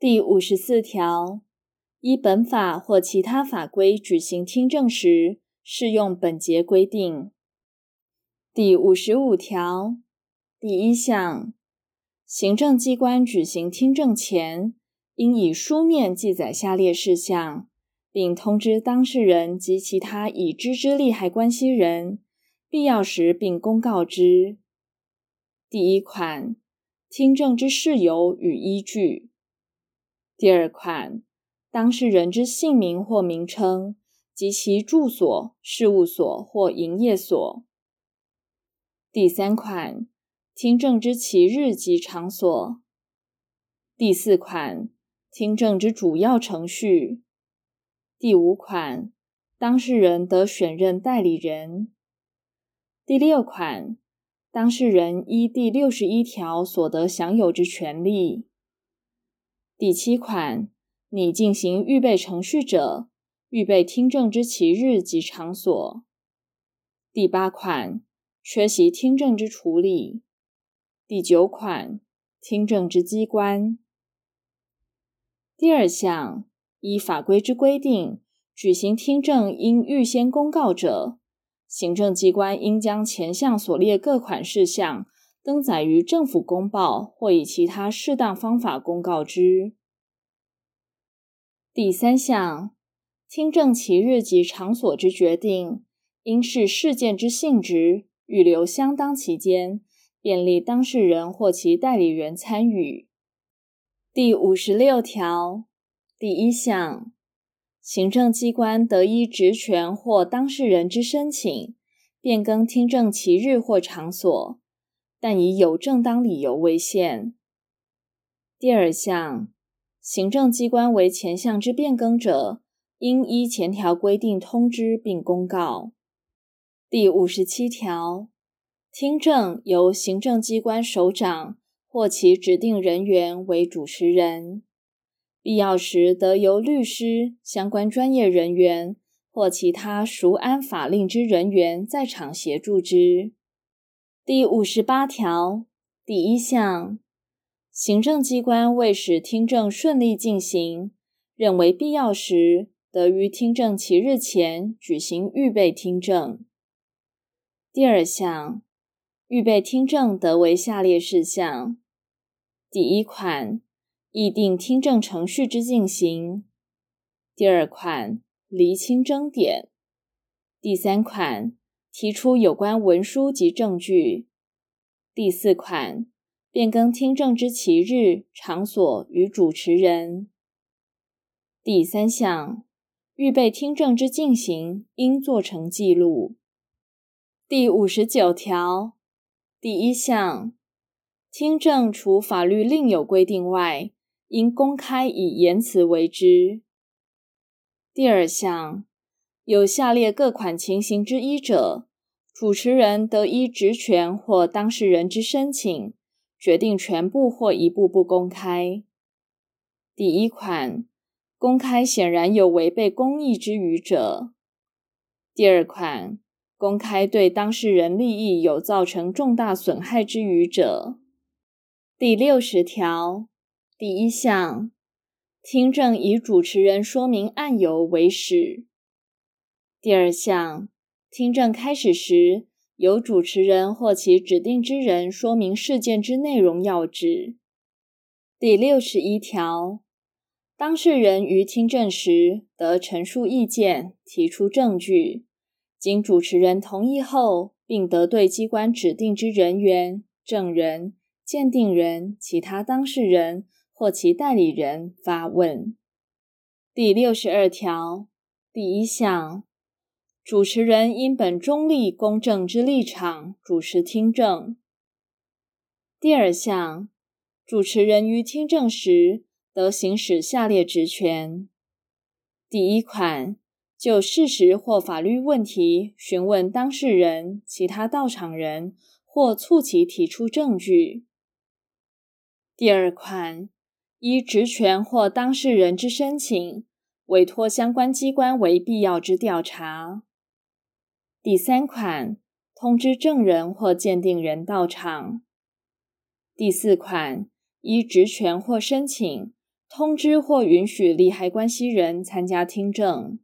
第五十四條，依本法或其他法規舉行聽證時，適用本節規定。第五十五條第一項，行政機關舉行聽證前，應以書面記載下列事項，並通知當事人及其他已知之利害關係人，必要時並公告之。第一款，聽證之事由與依據。第二款，當事人之姓名或名稱及其住所、事務所或營業所。第三款，聽證之期日及場所。第四款，聽證之主要程序。第五款，當事人得選任代理人。第六款，當事人依第六十一條所得享有之權利。第七款，擬進行預備程序者，預備聽證之期日及場所。第八款，缺席聽證之處理。第九款，聽證之機關。第二項，依法規之規定舉行聽證應預先公告者，行政機關應將前項所列各款事項。登載於政府公報或以其他適當方法公告之。第三項，聽證其日及場所之決定，應視事件之性質，預留相當期間，便利當事人或其代理人參與。第五十六條第一項，行政機關得依職權或當事人之申請，變更聽證其日或場所。但以有正當理由為限。第二項，行政機關為前項之變更者，應依前條規定通知並公告。第五十七條，聽證由行政機關首長或其指定人員為主持人，必要時得由律師、相關專業人員或其他熟諳法令之人員在場協助之。第五十八條第一項，行政機關為使聽證順利進行，認為必要時，得於聽證期日前舉行預備聽證。第二項，預備聽證得為下列事項：第一款，議定聽證程序之進行；第二款，釐清爭點；第三款。提出有關文書及證據。第四款，變更聽證之期日、場所與主持人。第三項，預備聽證之進行應做成記錄。第五十九條，第一項，聽證除法律另有規定外，應公開以言詞為之。第二項。有下列各款情形之一者，主持人得依職權或當事人之申請，決定全部或一部不公開。第一款，公開顯然有違背公益之余者；第二款，公開對當事人利益有造成重大損害之余者。第六十條第一項，聽證以主持人說明案由為始。第二項，聽證開始時，由主持人或其指定之人說明事件之內容要旨。第六十一條，當事人於聽證時得陳述意見，提出證據，經主持人同意後，並得對機關指定之人員、證人、鑑定人、其他當事人或其代理人發問。第六十二條，第一項。主持人因本中立公正之立場主持聽證。第二項，主持人於聽證時得行使下列職權：第一款，就事實或法律問題詢問當事人、其他到場人或促其提出證據；第二款，依職權或當事人之申請，委託相關機關為必要之調查。第三款，通知證人或鑑定人到場。第四款，依職權或申請，通知或允許利害關係人參加聽證。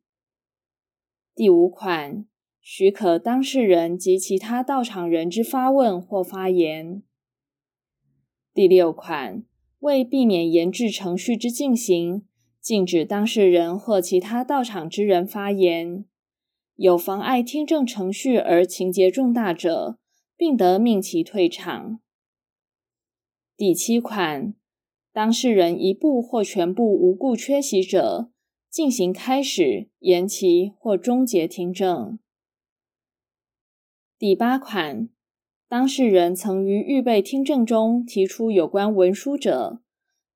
第五款，許可當事人及其他到場人之發問或發言。第六款，為避免延滯程序之進行，禁止當事人或其他到場之人發言。有妨礙聽證程序而情節重大者，並得命其退場。第七款，當事人一部或全部無故缺席者，進行開始、延期或終結聽證。第八款，當事人曾於預備聽證中提出有關文書者，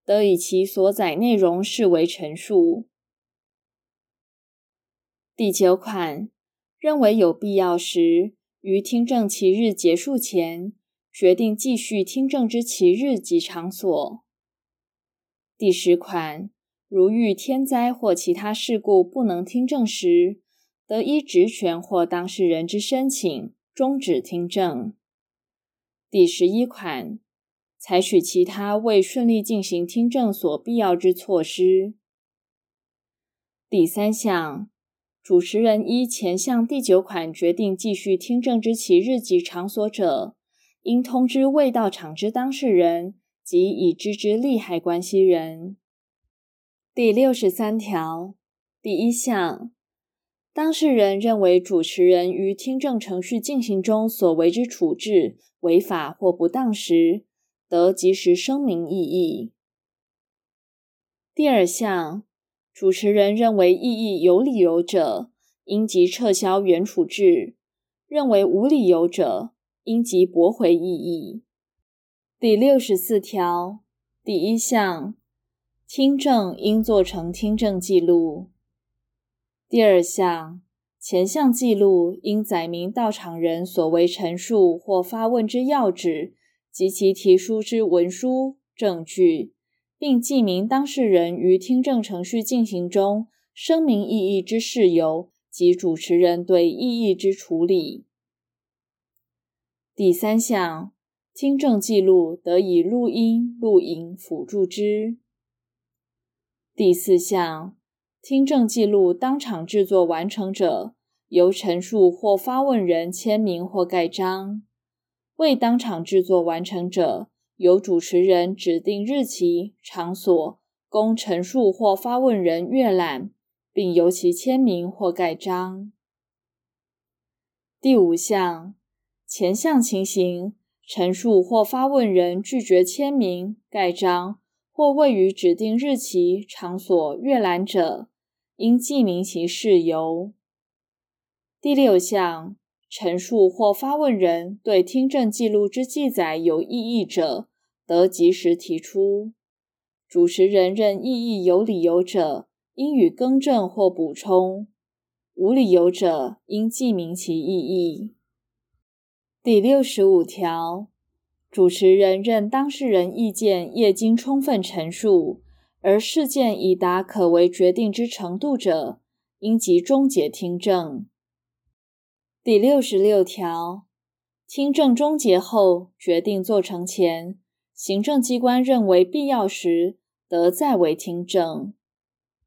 得以其所載內容視為陳述。第九款，認為有必要時，於聽證期日結束前決定繼續聽證之期日及場所。第十款，如遇天災或其他事故不能聽證時，得依職權或當事人之申請終止聽證。第十一款，採取其他為順利進行聽證所必要之措施。第三項。主持人依前項第九款決定繼續聽證之期日及場所者，應通知未到場之當事人及已知之利害關係人。第六十三條第一項，當事人認為主持人於聽證程序進行中所為之處置違法或不當時，得即時聲明異議。第二項。主持人認為異議有理由者，應即撤銷原處置；認為無理由者，應即駁回異議。第六十四條第一項，聽證應做成聽證記錄；第二項，前項記錄應載明到場人所為陳述或發問之要旨及其提出之文書、證據。並記明當事人於聽證程序進行中聲明異議之事由及主持人對異議之處理。第三項，聽證記錄得以錄音、錄影輔助之。第四項，聽證記錄當場製作完成者，由陳述或發問人簽名或蓋章；未當場製作完成者。由主持人指定日期、場所，供陳述或發問人閱覽，並由其簽名或蓋章。第五項，前項情形，陳述或發問人拒絕簽名、蓋章或未於指定日期、場所閱覽者，應記明其事由。第六項，陳述或發問人對聽證記錄之記載有異議者。得及時提出。主持人認異議有理由者，應予更正或補充；無理由者，應記明其異議。第六十五條，主持人認當事人意見業經充分陳述，而事件已達可為決定之程度者，應即終結聽證。第六十六條，聽證終結後，決定做成前。行政機關認為必要時，得再為聽證。